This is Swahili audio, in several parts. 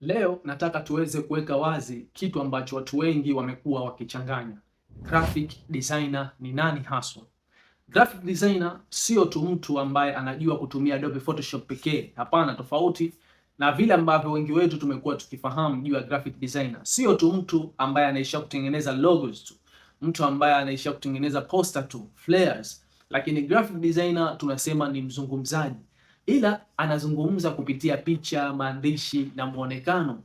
Leo nataka tuweze kuweka wazi kitu ambacho watu wengi wamekuwa wakichanganya. Graphic designer ni nani haswa? Graphic designer sio tu mtu ambaye anajua kutumia Adobe Photoshop pekee. Hapana, tofauti na vile ambavyo wengi wetu tumekuwa tukifahamu juu ya graphic designer, sio tu mtu ambaye anaishia kutengeneza logos tu, mtu ambaye anaishia kutengeneza poster tu, flares. lakini graphic designer tunasema ni mzungumzaji ila anazungumza kupitia picha, maandishi na muonekano.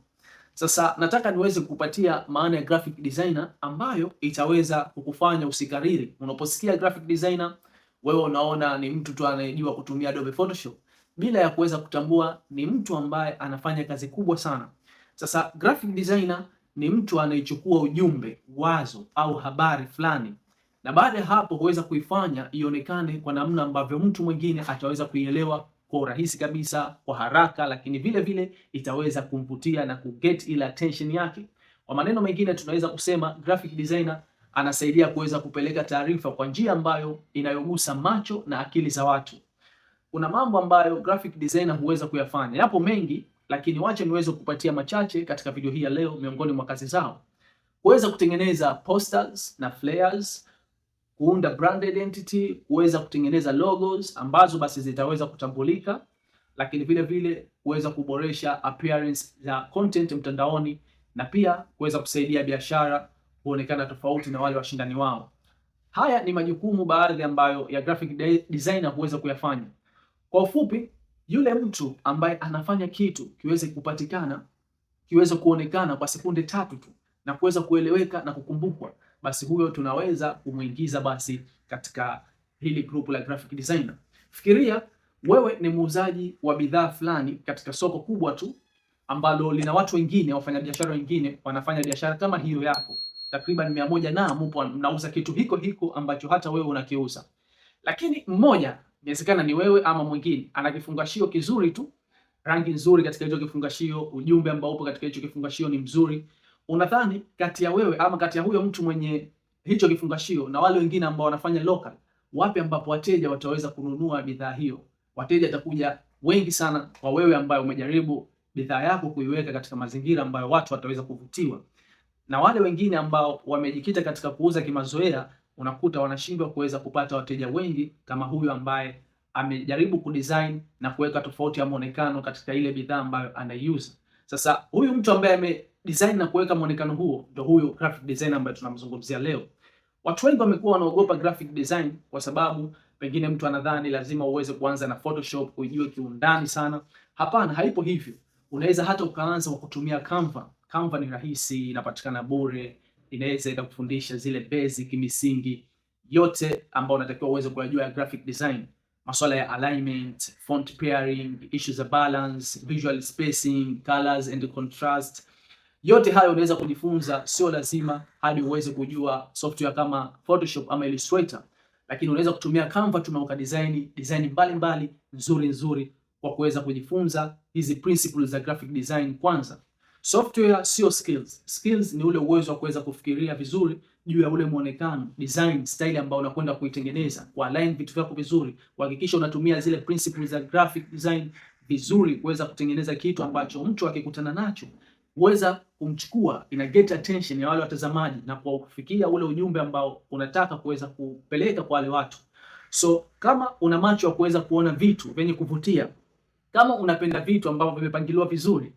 Sasa nataka niweze kukupatia maana ya graphic designer ambayo itaweza kukufanya usikariri. Unaposikia graphic designer, wewe unaona ni mtu tu anayejua kutumia Adobe Photoshop bila ya kuweza kutambua ni mtu ambaye anafanya kazi kubwa sana. Sasa graphic designer ni mtu anayechukua ujumbe, wazo au habari fulani, na baada ya hapo huweza kuifanya ionekane kwa namna ambavyo mtu mwingine ataweza kuielewa kwa urahisi kabisa, kwa haraka, lakini vile vile itaweza kumvutia na kuget ile attention yake. Kwa maneno mengine, tunaweza kusema graphic designer anasaidia kuweza kupeleka taarifa kwa njia ambayo inayogusa macho na akili za watu. Kuna mambo ambayo graphic designer huweza kuyafanya, yapo mengi, lakini wacha niweze kupatia machache katika video hii ya leo. Miongoni mwa kazi zao huweza kutengeneza posters na flyers kuunda brand identity, kuweza kutengeneza logos ambazo basi zitaweza kutambulika, lakini vile vile kuweza kuboresha appearance za content mtandaoni na pia kuweza kusaidia biashara kuonekana tofauti na wale washindani wao. Haya ni majukumu baadhi ambayo ya graphic designer huweza kuyafanya. Kwa ufupi, yule mtu ambaye anafanya kitu kiweze kupatikana, kiweze kuonekana kwa sekunde tatu tu na kuweza kueleweka na kukumbukwa basi huyo tunaweza kumuingiza basi katika hili grupu la graphic designer. Fikiria wewe ni muuzaji wa bidhaa fulani katika soko kubwa tu ambalo lina watu wengine, wafanyabiashara wengine wanafanya biashara kama hiyo yako, takriban mia moja na mpo mnauza kitu hiko hiko ambacho hata wewe unakiuza, lakini mmoja inawezekana ni wewe ama mwingine ana kifungashio kizuri tu, rangi nzuri katika hicho kifungashio, ujumbe ambao upo katika hicho kifungashio ni mzuri, unadhani kati ya wewe ama kati ya huyo mtu mwenye hicho kifungashio na wale wengine ambao wanafanya local, wapi ambapo wateja wataweza kununua bidhaa hiyo? Wateja watakuja wengi sana kwa wewe ambaye umejaribu bidhaa yako kuiweka katika mazingira ambayo watu wataweza kuvutiwa, na wale wengine ambao wamejikita katika kuuza kimazoea, unakuta wanashindwa kuweza kupata wateja wengi kama huyo ambaye amejaribu kudesign na kuweka tofauti ya muonekano katika ile bidhaa ambayo anaiuza. Sasa huyu mtu ambaye ame design na kuweka mwonekano huo, ndio huyo graphic designer ambaye tunamzungumzia leo. Watu wengi wamekuwa wanaogopa graphic design kwa sababu pengine mtu anadhani lazima uweze kuanza na Photoshop kuijua kiundani sana. Hapana, haipo hivyo. Unaweza hata ukaanza kwa kutumia Canva. Canva ni rahisi, inapatikana bure, inaweza ikakufundisha zile basic misingi yote ambayo unatakiwa uweze kuyajua ya graphic design, masuala ya alignment, font pairing, issues za balance, visual spacing, colors and contrast yote hayo unaweza kujifunza, sio lazima hadi uweze kujua software kama Photoshop ama Illustrator, lakini unaweza kutumia Canva tu na ukadesign design mbalimbali nzuri nzuri kwa kuweza kujifunza hizi principles za graphic design kwanza. Software sio skills. Skills ni ule uwezo wa kuweza kufikiria vizuri juu ya ule muonekano, design style ambao unakwenda kuitengeneza, kualign vitu vyako vizuri, kuhakikisha unatumia zile principles za graphic design vizuri kuweza kutengeneza kitu ambacho mtu akikutana nacho huweza kumchukua, ina get attention ya wale watazamaji na kuwafikia ule ujumbe ambao unataka kuweza kupeleka kwa wale watu. So kama una macho ya kuweza kuona vitu vyenye kuvutia, kama unapenda vitu ambavyo vimepangiliwa vizuri,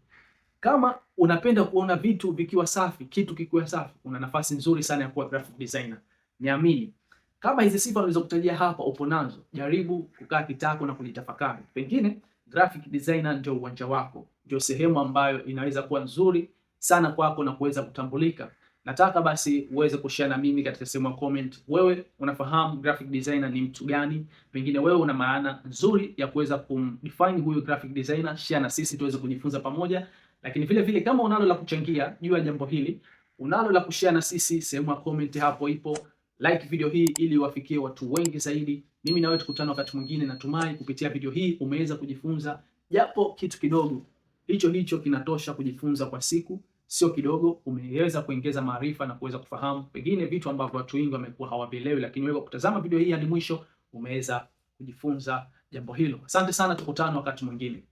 kama unapenda kuona vitu vikiwa safi, kitu kikiwa safi, una nafasi nzuri sana ya kuwa graphic designer. Niamini, kama hizi sifa unaweza kutajia hapa upo nazo, jaribu kukaa kitako na kujitafakari. Pengine graphic designer ndio uwanja wako ndio sehemu ambayo inaweza kuwa nzuri sana kwako na kuweza kutambulika. Nataka basi uweze kushare na mimi katika sehemu ya comment, wewe unafahamu graphic designer ni mtu gani? Pengine wewe una maana nzuri ya kuweza kumdefine huyu graphic designer. Share na sisi tuweze kujifunza pamoja, lakini vile vile kama unalo la kuchangia juu ya jambo hili, unalo la kushare na sisi, sehemu ya comment hapo ipo. Like video hii ili wafikie watu wengi zaidi. Mimi na wewe tukutane wakati mwingine. Natumai kupitia video hii umeweza kujifunza japo kitu kidogo hicho hicho kinatosha kujifunza kwa siku, sio kidogo. Umeweza kuongeza maarifa na kuweza kufahamu pengine vitu ambavyo watu wengi wamekuwa hawavielewi, lakini wewe kutazama video hii hadi mwisho umeweza kujifunza jambo hilo. Asante sana, tukutane wakati mwingine.